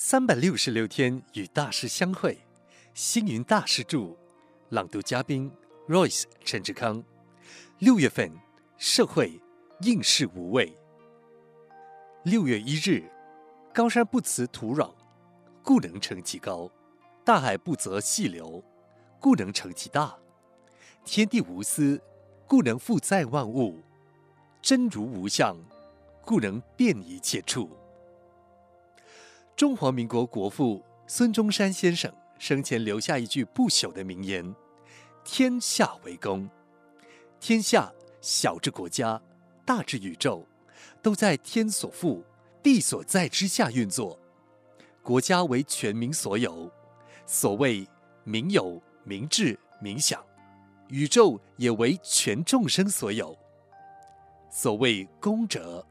三百六十六天與大師相會，星雲大師著，朗讀嘉賓 Royce 陳志康。六月份，社會應世無畏。六月一日，高山不辭土壤，故能成其高；大海不擇細流，故能成其大；天地無私，故能負載萬物；真如無相，故能遍一切處。中華民國國父孫中山先生生前留下一句不朽的名言：“天下為公。天下小至國家，大至宇宙，都在天所覆、地所在之下運作。國家為全民所有，所謂民有、民治、民享；宇宙也為全眾生所有，所謂公者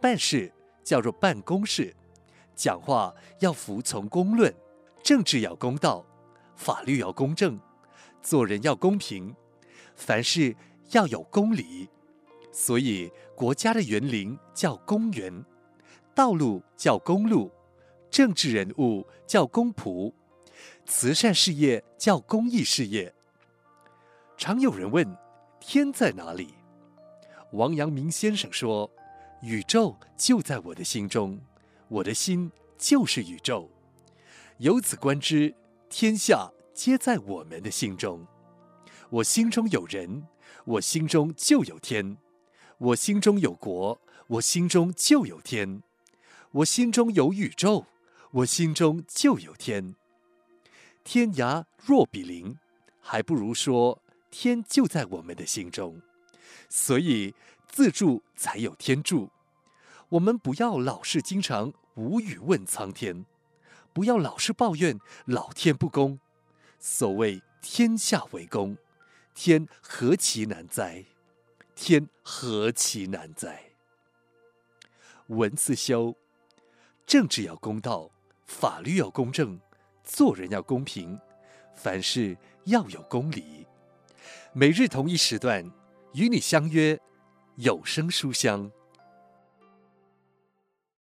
辦事，叫做辦公室。講話要服從公論，政治要公道，法律要公正，做人要公平，凡事要有公理。所以，國家的園林叫公園，道路叫公路，政治人物叫公僕，慈善事業叫公益事業。常有人問：天在哪裡？王陽明先生說：“宇宙就在我的心中。”我的心就是宇宙，由此觀之，天下皆在我們的心中。我心中有人，我心中就有天；我心中有國，我心中就有天；我心中有宇宙，我心中就有天。天涯若比鄰，還不如說天就在我們的心中。所以自助才有天助，我們不要老是經常。無語問蒼天，不要老是抱怨老天不公。所謂天下為公，天何其難哉？天何其難哉？文自修，政治要公道，法律要公正，做人要公平，凡事要有公理。每日同一時段，與你相約，有聲書香。